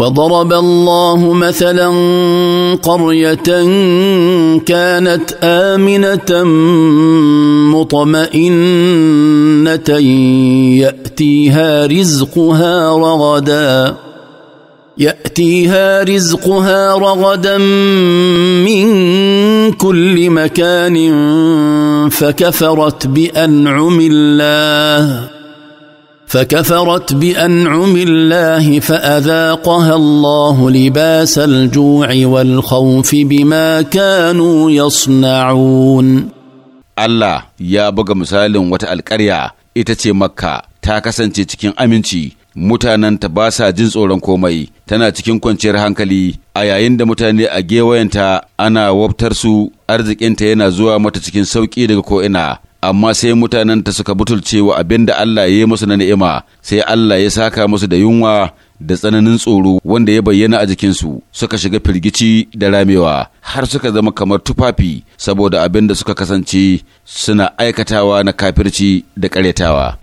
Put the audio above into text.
وضرب الله مثلا قريه كانت امنه مطمئنه ياتيها رزقها رغدا ياتيها رزقها رغدا من كل مكان فكفرت بانعم الله فكفرت بانعم الله فاذاقها الله لباس الجوع والخوف بما كانوا يصنعون الله يا buga misalin wata alƙarya ita ce makka ta kasance cikin aminci mutanenta ba sa jin tsoron komai tana cikin kwanciyar hankali a yayin da mutane a gewayenta ana wabtar su arzikinta yana zuwa mata cikin sauƙi daga ko'ina amma sai mutanenta suka butulcewa wa abin da Allah ya yi musu na ni'ima sai Allah ya saka musu da yunwa da tsananin tsoro wanda ya bayyana a jikinsu suka shiga firgici da ramewa har suka zama kamar tufafi saboda abin da suka kasance suna aikatawa na kafirci da ƙaryatawa.